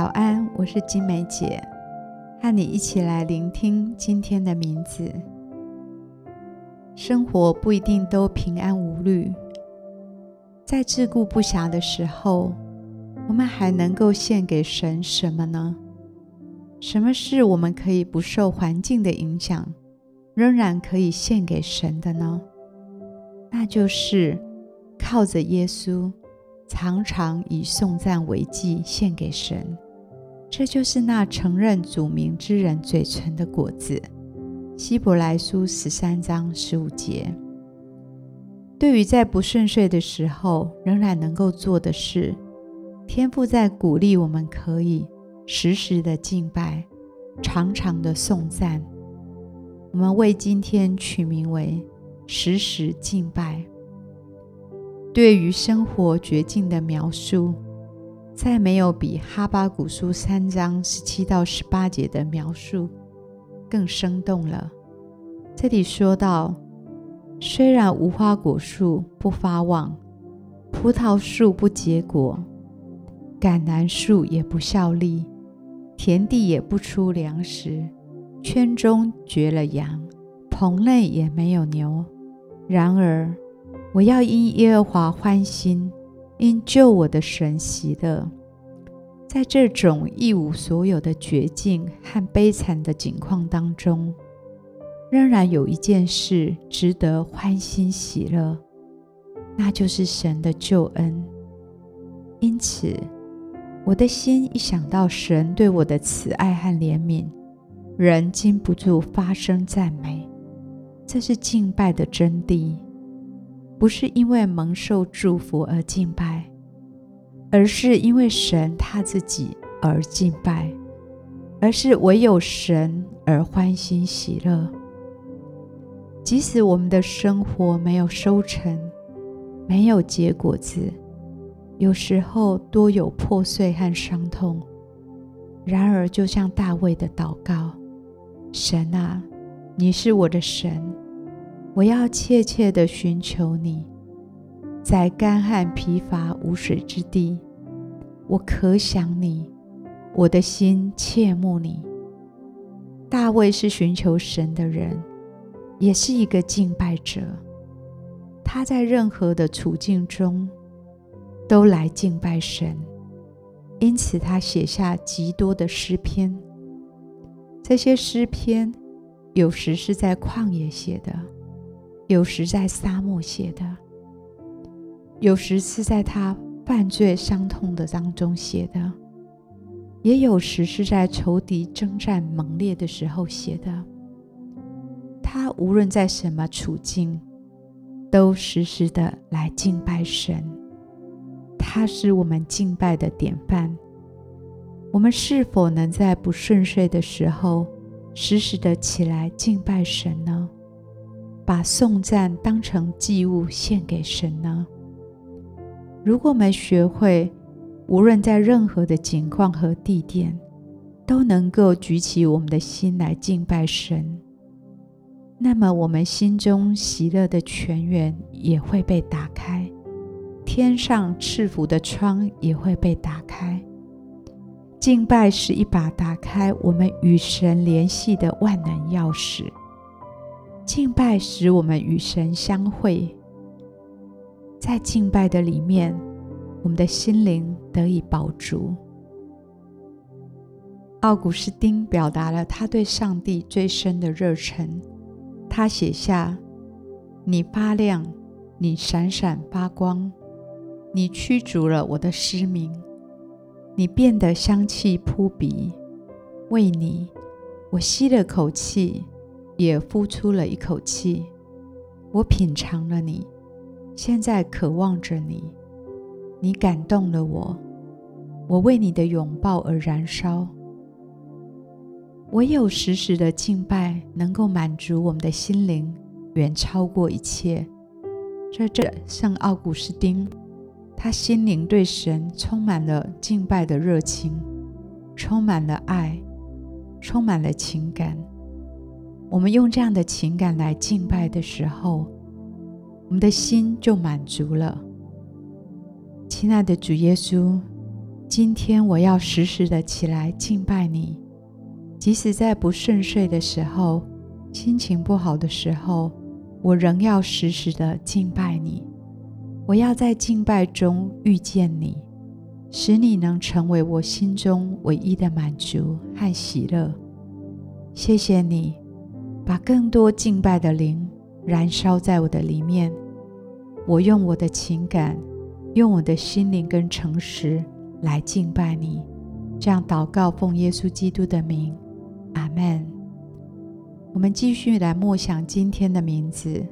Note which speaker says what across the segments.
Speaker 1: 早安，我是晶玫姊，和你一起來聆聽今天的名字。生活不一定都平安無慮，在自顧不暇的時候，我們還能夠獻給神什麼呢？什麼是我們可以不受環境的影響，仍然可以獻給神的呢？那就是靠着耶穌，常常以頌讚為祭獻給神。這就是那承認主名之人嘴唇的果子，希伯來書十三章十五節。對於在不順遂的時候仍然能夠做的事，天父在鼓勵我們可以時時的敬拜，常常的頌讚。我們為今天取名為“時時敬拜”。對於生活絕境的描述，再沒有比《哈巴谷書》三章十七到十八節的描述更生動了。這裡說到，雖然無花果樹不發旺，葡萄樹不結果，橄欖樹也不效力，田地也不出糧食，圈中絕了羊，棚內也沒有牛，然而我要因耶和華歡欣，因救我的神喜樂，在這種一無所有的絕境和悲慘的境況當中，仍然有一件事值得歡欣喜樂，那就是神的救恩。因此，我的心一想到神對我的慈愛和憐憫，人禁不住發聲讚美。這是敬拜的真諦。不是因為蒙受祝福而敬拜，而是因為神他自己而敬拜，而是唯有神而歡欣喜樂。即使我們的生活沒有收成，沒有結果子，有時候多有破碎和傷痛，然而就像大衛的禱告：“神啊，你是我的神。”我要切切地尋求你，在乾旱疲乏無水之地，我渴想你，我的心切慕你。大衛是尋求神的人，也是一個敬拜者。他在任何的處境中都來敬拜神，因此他寫下極多的詩篇。這些詩篇有時是在曠野寫的。有時在沙漠寫的，有時是在他犯罪傷痛的當中寫的，也有時是在仇敵征戰猛烈的時候寫的。他無論在什麼處境，都時時的來敬拜神。他是我們敬拜的典範。我們是否能在不順遂的時候，時時的起來敬拜神呢？把頌讚當成祭物獻給神呢？如果我們學會，無論在任何的情況和地點，都能夠舉起我們的心來敬拜神，那麼我們心中喜樂的泉源也會被打開，天上賜福的窗也會被打開。敬拜是一把打開我們與神聯繫的萬能鑰匙。敬拜使我們與神相會，在敬拜的裡面，我們的心靈得以飽足。奧古斯丁表達了他對上帝最深的熱忱，他寫下：“你發亮，你閃閃發光，你驅逐了我的失明，你變得香氣撲鼻。為你，我吸了口氣。”也呼出了一口氣。我品嘗了你，現在渴望着你。你感動了我，我為你的擁抱而燃燒。唯有時時的敬拜能夠滿足我們的心靈，遠超過一切。在這聖奧古斯丁，他心靈對神充滿了敬拜的熱情，充滿了愛，充滿了情感。我們用這樣的情感來敬拜的時候，我們的心就滿足了。親愛的主耶穌，今天我要時時的起來敬拜你，即使在不順遂的時候、心情不好的時候，我仍要時時的敬拜你。我要在敬拜中遇見你，使你能成為我心中唯一的滿足和喜樂。謝謝你。把更多敬拜的靈燃燒在我的裡面。我用我的情感，用我的心靈跟誠實來敬拜你。這樣禱告，奉耶穌基督的名，阿門。我們繼續來默想今天的名字，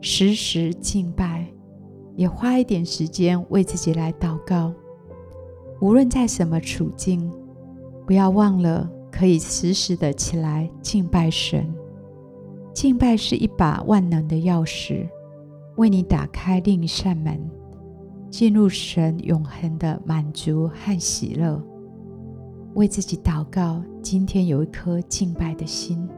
Speaker 1: 時時敬拜，也花一點時間為自己來禱告。無論在什麼處境，不要忘了可以時時的起來敬拜神。敬拜是一把萬能的鑰匙，為你打開另一扇門，進入神永恆的滿足和喜樂。為自己禱告，今天有一顆敬拜的心。